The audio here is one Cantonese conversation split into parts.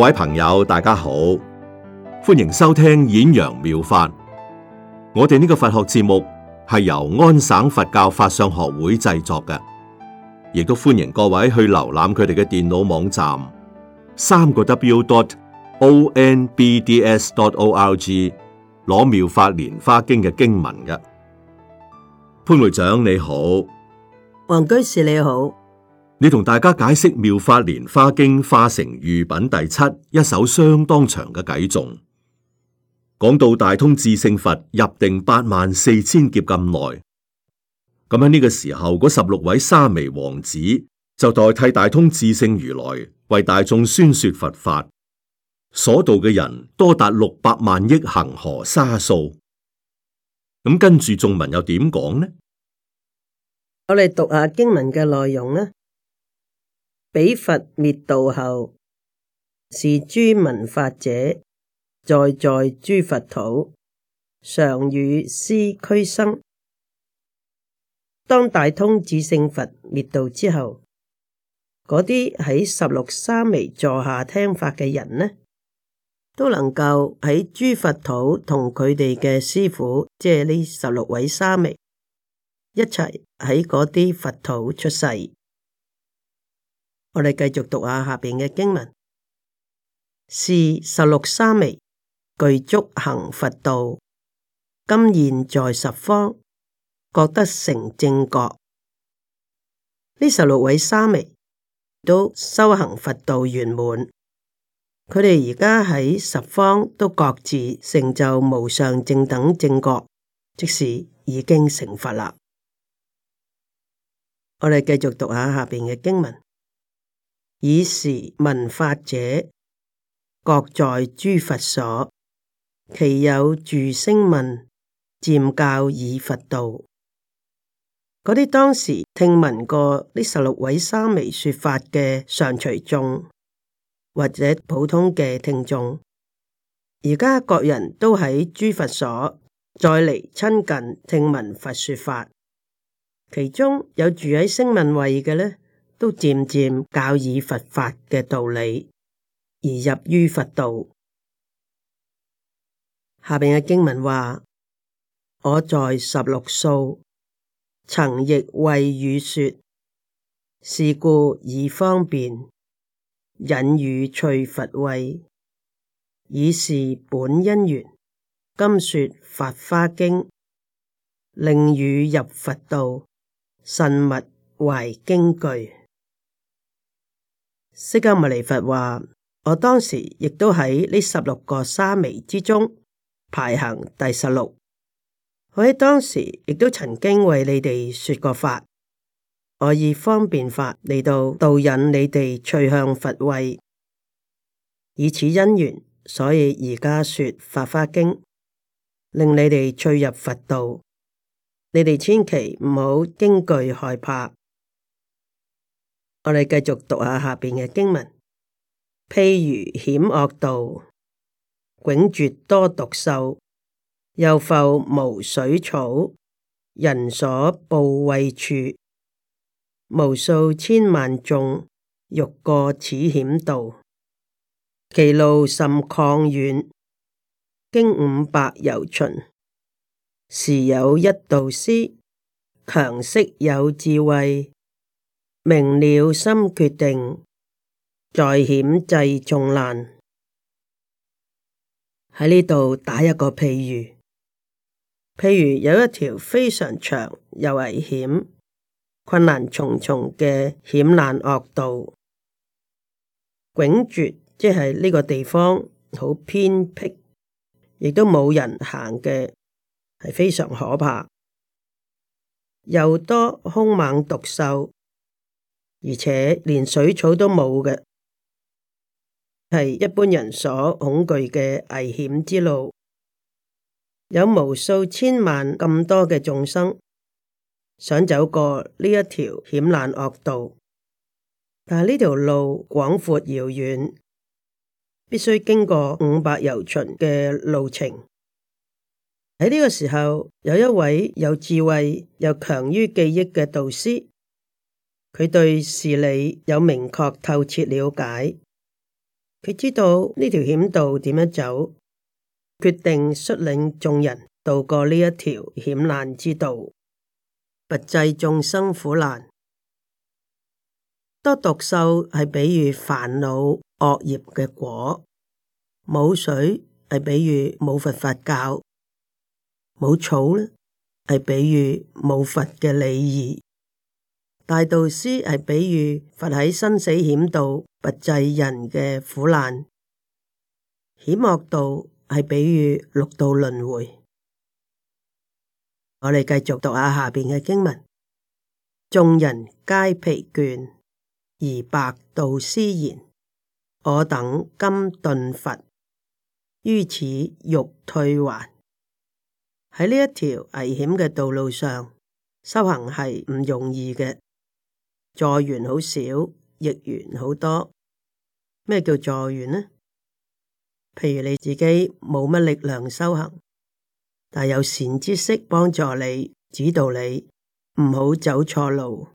各位朋友，大家好，歡迎收聽演揚妙，妙法。我哋呢個佛學節目係由安省佛教法相學會製作嘅，亦都歡迎各位去瀏覽佢哋嘅電腦網站三個 w dot o n b d s dot o r g 攞妙法蓮花經嘅經文嘅。潘會長你好，黃居士你好。你同大家解釋《妙法蓮華經》化城喻品第七一首相當長嘅偈頌，講到大通智勝佛入定八萬四千劫咁耐，咁喺呢個時候，嗰十六位沙彌王子就代替大通智勝如來為大眾宣說佛法，所度嘅人多達六百萬億恆河沙數。咁跟住中文又點講呢？我哋讀下經文嘅內容啦。彼佛滅度後，是諸聞法者，在在諸佛土，常與師俱生。當大通智勝佛滅度之後，嗰啲喺十六沙彌座下聽法嘅人呢，都能夠喺諸佛土同佢哋嘅師父，即係呢十六位沙彌一齊喺嗰啲佛土出世。我哋繼續讀下下邊嘅經文：是十六沙彌具足行佛道，今現在十方各得成正覺。呢十六位沙彌都修行佛道圓滿，佢哋而家喺十方都各自成就無上正等正覺，即使已經成佛啦。我哋繼續讀下下邊嘅經文。爾時聞法者，各在諸佛所，其有住聲聞，漸教以佛道。嗰啲當時聽聞過呢十六位沙彌說法嘅上隨眾或者普通嘅聽眾，而家各人都喺諸佛所，再嚟親近聽聞佛說法，其中有住喺聲聞位嘅呢，都漸漸教以佛法嘅道理而入於佛道。下邊嘅經文話：我在十六數曾亦為汝說，是故以方便引汝趣佛慧，以是本因緣，今說《法華經》，令汝入佛道，慎勿懷驚懼。釋迦牟尼佛話：我當時亦都喺呢十六個沙彌之中排行第十六，我喺當時亦都曾經為你哋說過法，我以方便法嚟到導引你哋趣向佛位，以此因緣，所以而家說法花經，令你哋趣入佛道，你哋千祈唔好驚懼害怕。我哋繼續讀下下邊嘅經文，譬如險惡道，迥絕多毒獸，又復無水草，人所怖畏處，無數千萬眾，欲過此險道，其路甚曠遠，遠，經五百由旬，時有一導師，強識有智慧。.明了心決定，在險濟眾難。喺呢度打一個譬喻，譬如有一條非常長又危險、困難重重嘅險難惡道，迥絕，即係呢個地方好偏僻，亦都冇人行嘅，係非常可怕，又多凶猛毒獸。而且連水草都冇嘅，係一般人所恐懼嘅危險之路。有無數千萬咁多嘅眾生想走過呢一條險難惡道，但係呢條路廣闊遙遠，必須經過五百由旬嘅路程。喺呢個時候，有一位有智慧又強於記憶嘅導師。佢對事理有明確透徹了解，佢知道呢條險道點樣走，決定率領眾人渡過呢一條險難之道，拔濟眾生苦難。多毒獸係比喻煩惱惡業嘅果，冇水係比喻冇佛佛教，冇草咧係比喻冇佛嘅禮儀。大道師係比喻，佛喺生死險道拔濟人嘅苦難，險惡道係比喻六道輪迴。我哋繼續讀下下邊嘅經文：眾人皆疲倦，而白導師言：我等今頓乏，於此欲退還。喺呢一條危險嘅道路上修行係唔容易嘅。助緣好少，逆緣好多。咩叫助緣呢？譬如你自己冇乜力量修行，但有善知識幫助你、指導你，唔好走錯路，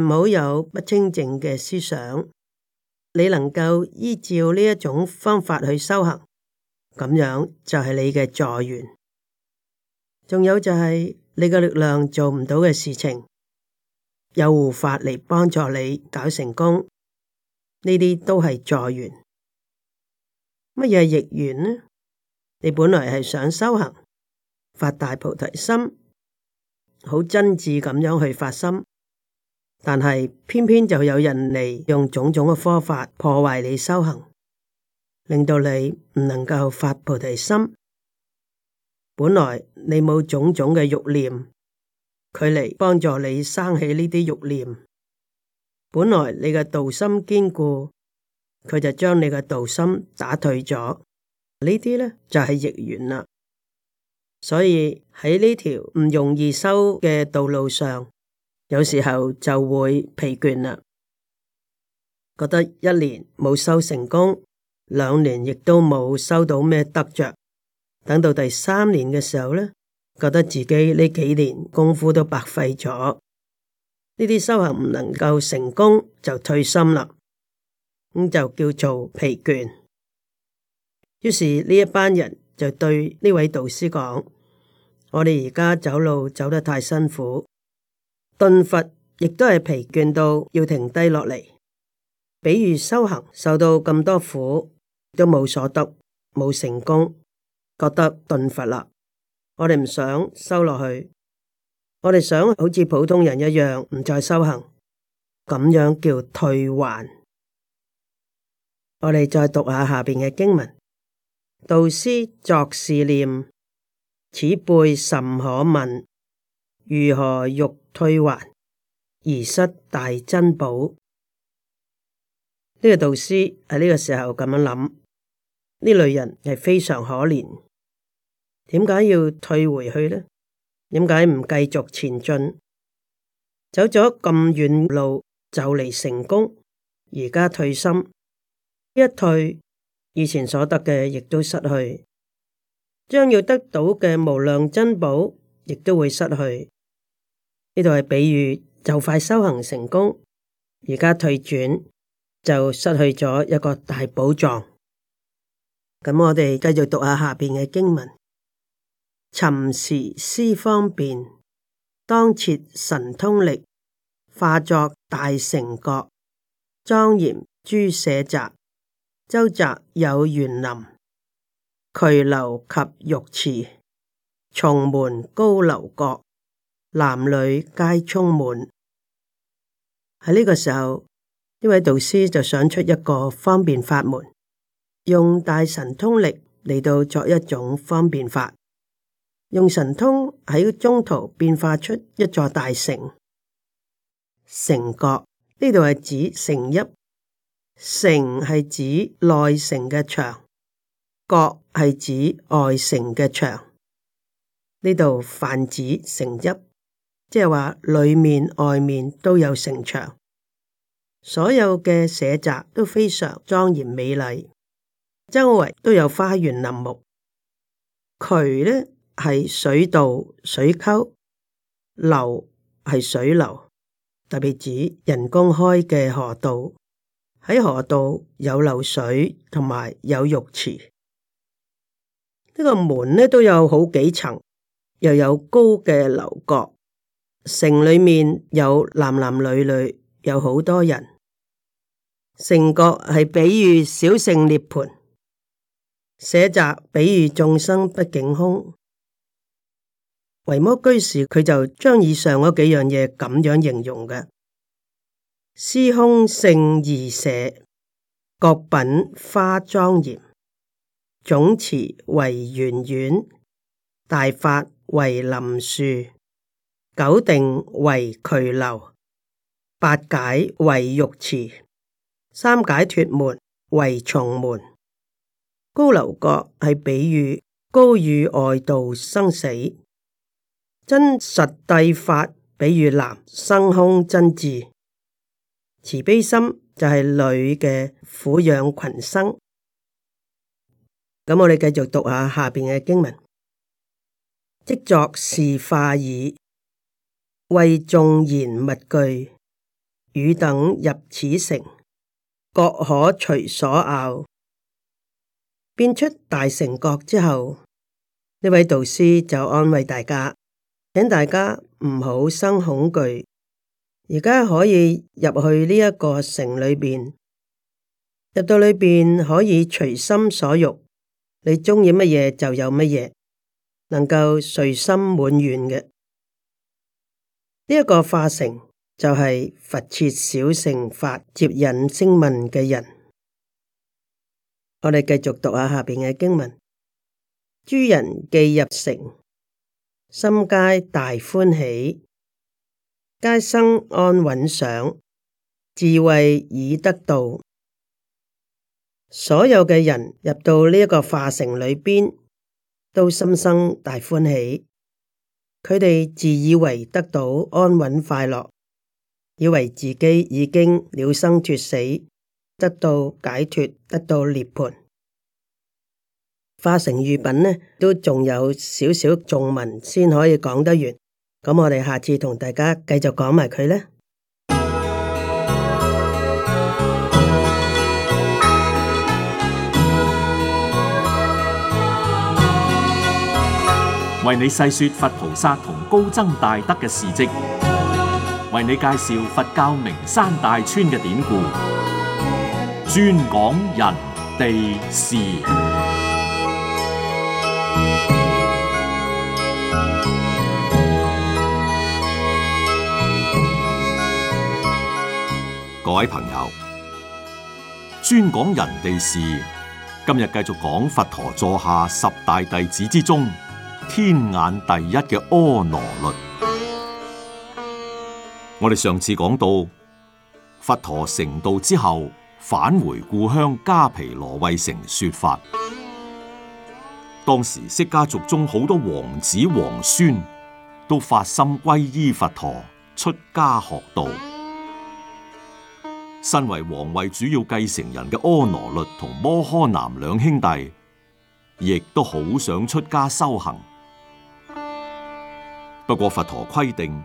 唔好有不清淨嘅思想。你能夠依照呢一種方法去修行，咁樣就係你嘅助緣。仲有就係你嘅力量做唔到嘅事情。有護法嚟幫助你搞成功，呢啲都係助緣。乜嘢係逆緣呢？你本來係想修行，發大菩提心，好真摯咁樣去發心，但係偏偏就有人嚟用種種嘅方法破壞你修行，令到你唔能夠發菩提心。本來你冇種種嘅欲念。佢嚟幫助你生起呢啲欲念，本來你嘅道心堅固，佢就將你嘅道心打退咗。呢啲呢，就係逆緣啦。所以喺呢條唔容易修嘅道路上，有時候就會疲倦啦，覺得一年冇修成功，兩年亦都冇收到咩得着，等到第三年嘅時候呢。覺得自己呢幾年功夫都白費咗，呢啲修行唔能夠成功就退心啦，咁就叫做疲倦。於是呢一班人就對呢位導師講：，我哋而家走路走得太辛苦，頓乏亦都係疲倦到要停低落嚟。比如修行受到咁多苦，都冇所得，冇成功，覺得頓乏啦。我哋唔想修落去，我哋想好似普通人一樣，唔再修行，咁樣叫退還。我哋再讀下下邊嘅經文：，導師作是念，此輩甚可愍，如何欲退還而失大珍寶？呢、這個導師喺呢個時候咁樣諗，呢類人係非常可憐。點解要退回去呢？點解唔繼續前進？走咗咁遠路就嚟成功，而家退心一退，以前所得嘅亦都失去，將要得到嘅無量珍寶亦都會失去。呢度係比喻，就快修行成功，而家退轉就失去咗一個大寶藏。咁我哋繼續讀下下面嘅經文。尋時思方便，當設神通力，化作大城郭。莊嚴諸舍宅，周匝有園林、渠流及浴池、重門高樓閣，男女皆充滿。喺呢個時候，呢位導師就想出一個方便法門，用大神通力嚟到作一種方便法。用神通喺中途變化出一座大城，城，城，城角呢度係指城邑，城係指內城嘅牆，角係指外城嘅牆。呢度泛指城邑，即係話裏面外面都有城牆，所有嘅舍宅都非常莊嚴美麗，周圍都有花園林木渠呢。係水道、水溝、流係水流，特別指人工開嘅河道。喺河道有流水同埋有浴池。呢、這個門咧都有好幾層，又有高嘅樓閣。城裏面有男男女女，有好多人。城角係比喻小聖涅槃，寫集比喻眾生不境空。維摩居士佢就將以上嗰幾樣嘢咁樣形容嘅，司空性而舍，各品花莊嚴，總持為園苑，大法為林樹，九定為渠流，八解為浴池，三解脱門為重門，高樓閣係比喻高於外道生死。真實諦法，比如男生空真智，慈悲心就係、是、女嘅撫養群生。咁我哋繼續讀下下面嘅經文，即作是化已，慰眾言勿懼，汝等入此城，各可隨所拗。變出大城國之後，呢位導師就安慰大家。請大家唔好生恐懼，而家可以入去呢一個城裏邊，入到裏面可以隨心所欲，你中意乜嘢就有乜嘢，能夠隨心滿願嘅。呢、這、一個化城，就係佛設小乘法接引聲聞嘅人。我哋繼續讀下下面嘅經文：諸人既入城。心皆大歡喜，皆生安穩想，自謂已得到。所有嘅人入到呢一個化城裏邊，都心生大歡喜。佢哋自以為得到安穩快樂，以為自己已經了生脱死，得到解脱，得到涅槃。化城喻品呢，都仲有少少重文先可以講得完。咁我哋下次同大家繼續講埋佢呢，為你細說佛菩薩同高僧大德嘅事跡，為你介紹佛教名山大川嘅典故，專講人地事。各位朋友，專講人哋事。今日繼續講佛陀座下十大弟子之中天眼第一嘅阿那律。我哋上次講到，佛陀成道之後返回故鄉迦毗羅衛城說法，當時釋迦族中好多王子皇孫都發心皈依佛陀，出家學道。身為皇位主要繼承人嘅阿那律同摩訶南兩兄弟，亦都好想出家修行。不過佛陀規定，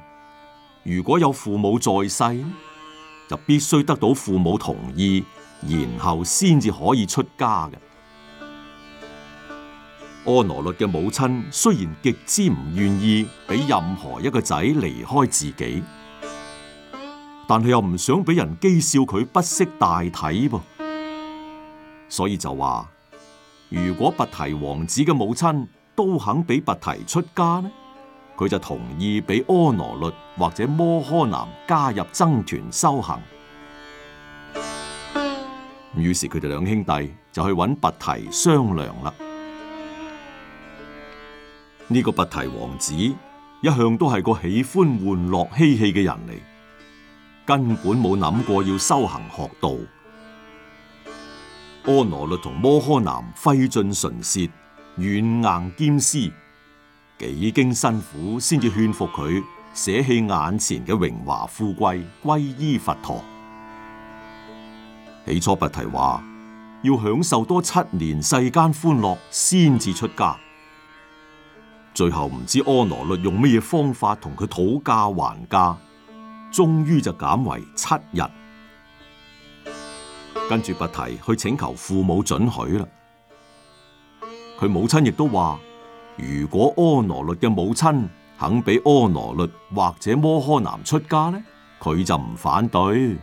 如果有父母在世，就必須得到父母同意，然後先至可以出家嘅。阿那律嘅母親雖然極之唔願意，俾任何一個仔離開自己。但係又唔想俾人譏笑佢不識大體噃，所以就話：如果拔提王子嘅母親都肯俾拔提出家呢，佢就同意俾阿那律或者摩訶男加入僧團修行。咁於是佢哋兩兄弟就去揾拔提商量啦。呢、這個拔提王子一向都係個喜歡玩樂嬉戲嘅人嚟。根本冇諗過要修行學道，阿那律同摩訶男揮盡唇舌，軟硬兼施，幾經辛苦先至勸服佢捨棄眼前嘅榮華富貴，皈依佛陀。起初不提話，要享受多七年世間歡樂先至出家。最後唔知阿那律用咩方法同佢討價還價。終於就減為七日，跟住不提去請求父母準許啦。佢母親亦都話：如果阿那律嘅母親肯俾阿那律或者摩訶男出家，呢佢就唔反對。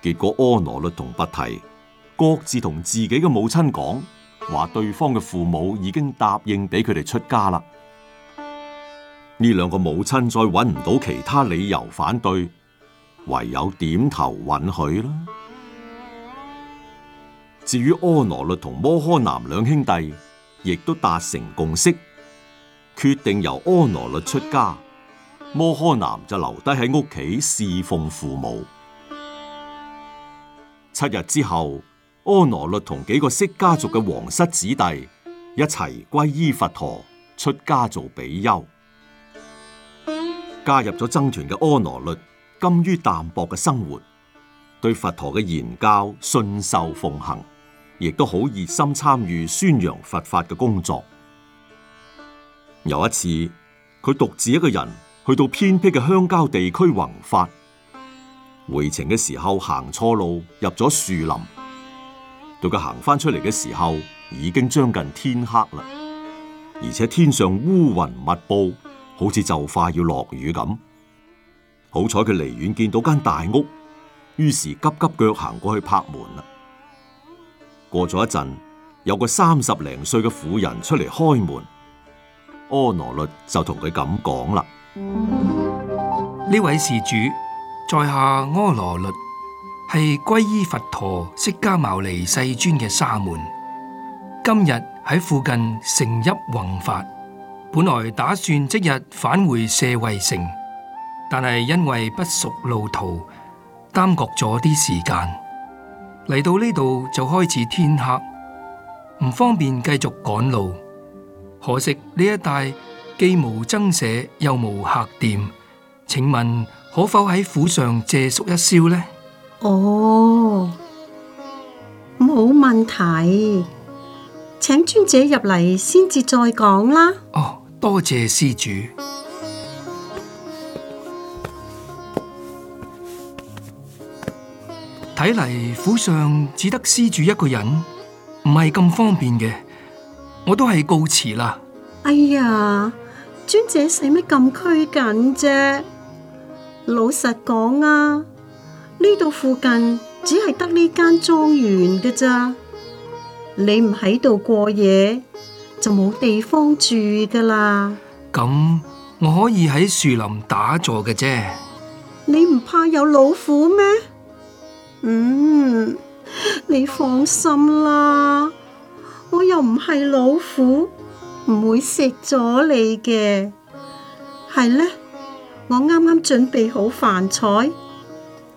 結果阿那律同不提各自同自己嘅母親講話，對方嘅父母已經答應俾佢哋出家啦。呢兩個母親再搵唔到其他理由反對，唯有點頭允許啦。至於阿那律同摩訶男兩兄弟，亦都達成共識，決定由阿那律出家，摩訶男就留低喺屋企侍奉父母。七日之後，阿那律同幾個釋迦族嘅皇室子弟一齊皈依佛陀，出家做比丘。加入咗僧團嘅阿那律，甘於淡薄嘅生活，對佛陀嘅言教信受奉行，亦都好熱心參與宣揚佛法嘅工作。有一次，佢獨自一個人去到偏僻嘅鄉郊地區弘法，回程嘅時候行錯路，入咗樹林。到佢行翻出嚟嘅時候，已經將近天黑啦，而且天上烏雲密布。好似就快要落雨咁，好彩佢離遠見到間大屋，於是急急腳行過去拍門啦。過咗一陣，有個三十零歲嘅婦人出嚟開門，阿那律就同佢咁講啦：呢位施主，在下阿那律係皈依佛陀釋迦牟尼世尊嘅沙門，今日喺附近城邑弘法。本來打算即日返回舍衛城，但係因為不熟路途，耽擱咗啲時間。嚟到呢度就開始天黑，唔方便繼續趕路。可惜呢一帶既無僧舍又無客店，請問可否喺府上借宿一宵呢？哦，冇問題，請尊者入嚟先至再講啦。哦。多謝施主，睇嚟府上只得施主一個人，唔係咁方便嘅，我都係告辭啦。哎呀，尊者使乜咁拘謹啫？老實講啊，呢度附近只係得呢間莊園嘅咋，你唔喺度過夜？就冇地方住噶啦！咁我可以喺樹林打坐嘅啫。你唔怕有老虎咩？嗯，你放心啦，我又唔係老虎，唔會食咗你嘅。係咧，我啱啱準備好飯菜，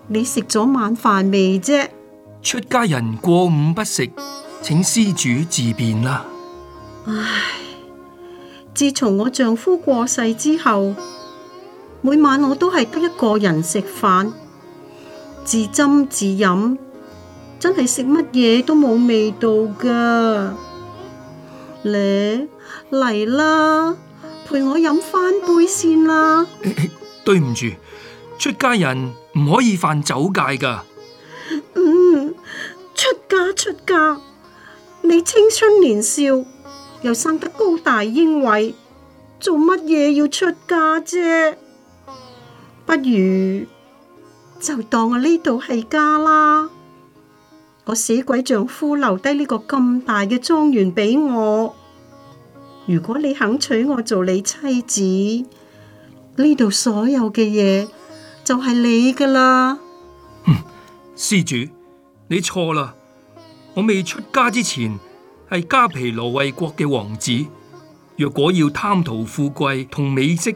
你食咗晚飯未啫？出家人過午不食，請施主自便啦。唉，自從我丈夫過世之後，每晚我都係得一個人食飯，自斟自飲，真係食乜嘢都冇味道噶。嚟嚟啦，陪我飲返杯先啦。對唔住，出家人唔可以犯酒戒噶。嗯，出家出家，你青春年少。又生得高大英偉，做乜嘢要出家啫？不如就當我呢度係家啦。我死鬼丈夫留低呢個咁大嘅莊園俾我。如果你肯娶我做你妻子，呢度所有嘅嘢就係你噶啦。哼，施主，你錯啦！我未出家之前，係迦毗羅衛國嘅王子，若果要貪圖富貴同美色，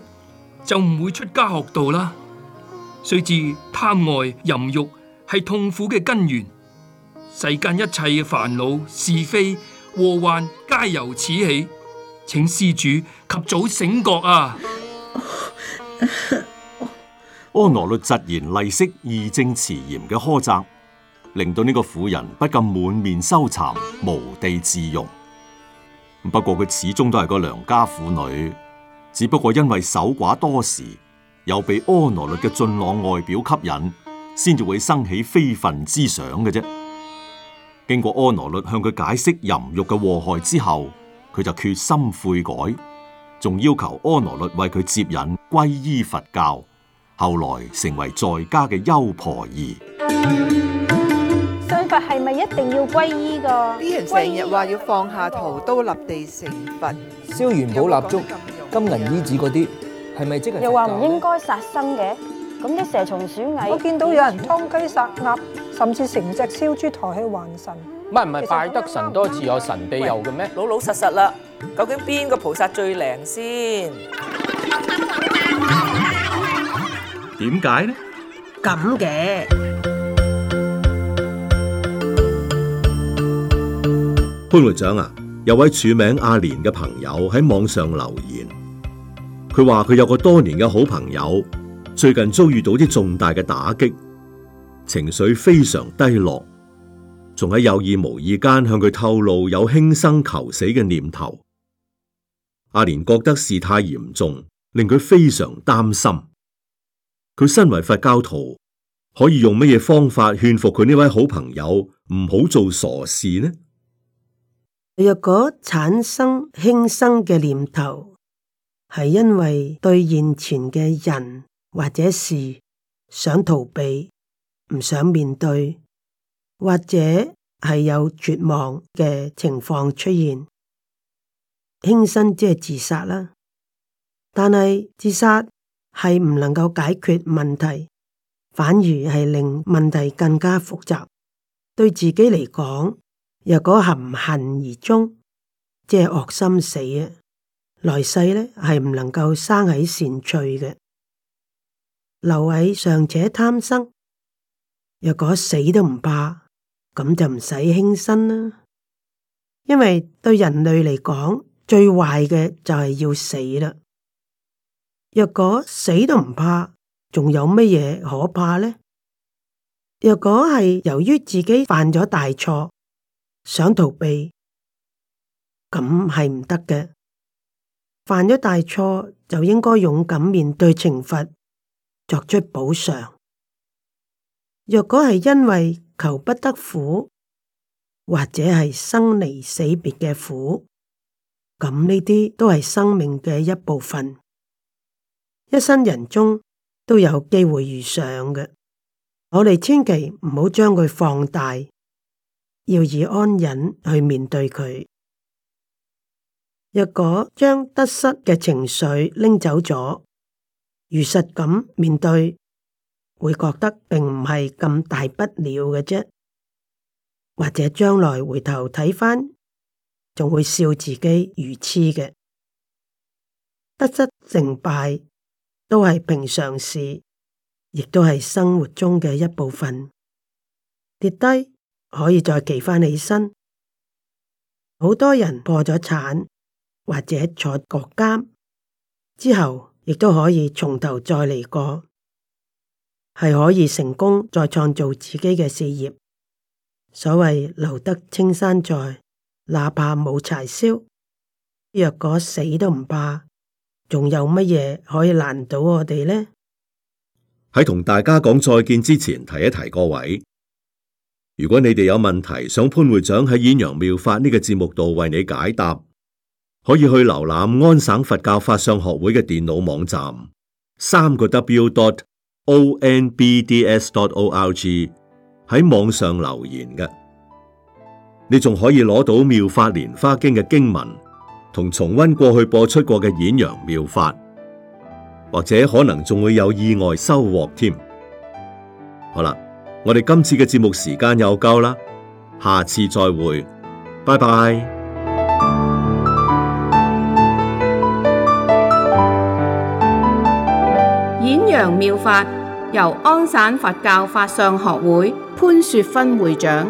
就唔會出家學道啦。須知貪愛淫慾係痛苦嘅根源，世間一切嘅煩惱是非禍患皆由此起，請施主及早醒覺啊！阿那、啊啊啊啊、律直言厲色義正辭嚴嘅呵責。令到呢個婦人不禁滿面羞慚，無地自容。不過佢始終都係個良家婦女，只不過因為守寡多時，又被阿羅律嘅俊朗外表吸引，先至會生起非分之想嘅啫。經過阿羅律向佢解釋淫欲嘅禍害之後，佢就決心悔改，仲要求阿羅律為佢接引皈依佛教。後來成為在家嘅優婆夷。係咪一定要皈依㗎？啲人成日話要放下屠刀，立地成佛，燒元寶蠟燭、金銀衣紙嗰啲，係咪即係？又話唔應該殺生嘅，咁啲蛇蟲鼠蟻，我見到有人劏雞殺鴨，甚至成隻燒豬抬去還神。唔係唔係，拜得神多自有神庇佑嘅咩？老老實實啦，究竟邊個菩薩最靈先？點解呢？咁嘅。潘會長啊，有位署名阿蓮嘅朋友喺網上留言，佢話佢有個多年嘅好朋友，最近遭遇到啲重大嘅打擊，情緒非常低落，仲喺有意無意間向佢透露有輕生求死嘅念頭。阿蓮覺得事態嚴重，令佢非常擔心。佢身爲佛教徒，可以用乜嘢方法勸服佢呢位好朋友唔好做傻事呢？若果產生輕生嘅念頭，係因為對現前嘅人或者事想逃避，唔想面對，或者係有絕望嘅情況出現，輕生即係自殺啦。但係自殺係唔能夠解決問題，反而係令問題更加複雜，對自己嚟講。若果含恨而終，即係惡心死啊！來世咧係唔能夠生喺善趣嘅。螻蟻尚且貪生，若果死都唔怕，咁就唔使輕生啦。因為對人類嚟講，最壞嘅就係要死啦。若果死都唔怕，仲有乜嘢可怕呢？若果係由於自己犯咗大錯。想逃避咁係唔得嘅，犯咗大錯就應該勇敢面對懲罰，作出補償。若果係因為求不得苦，或者係生離死別嘅苦，咁呢啲都係生命嘅一部分，一生人中都有機會遇上嘅。我哋千祈唔好將佢放大。要以安忍去面對佢。若果將得失嘅情緒拎走咗，如實咁面對，會覺得並唔係咁大不了嘅啫。或者將來回頭睇返，仲會笑自己愚痴嘅。得失成敗都係平常事，亦都係生活中嘅一部分。跌低。可以再企翻起身，好多人破咗產或者坐國監之後，亦都可以從頭再嚟過，係可以成功再創造自己嘅事業。所謂留得青山在，哪怕冇柴燒。若果死都唔怕，仲有乜嘢可以難倒我哋呢？喺同大家講再見之前，提一提各位。如果你哋有問題，想潘會長喺《演揚妙法》呢個節目度為你解答，可以去瀏覽安省佛教法相學會嘅電腦網站，三個 W dot O N B D S dot O R G 喺網上留言嘅。你仲可以攞到《妙法蓮花經》嘅經文，同重温過去播出過嘅《演揚妙法》，或者可能仲會有意外收穫添。好啦。我哋今次嘅節目時間又夠啦，下次再會，拜拜。演揚妙法由安省佛教法相學會潘雪芬會長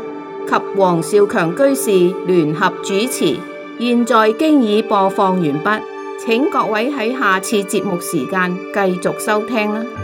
及黃兆強居士聯合主持，現在經已播放完畢，請各位喺下次節目時間繼續收聽啦。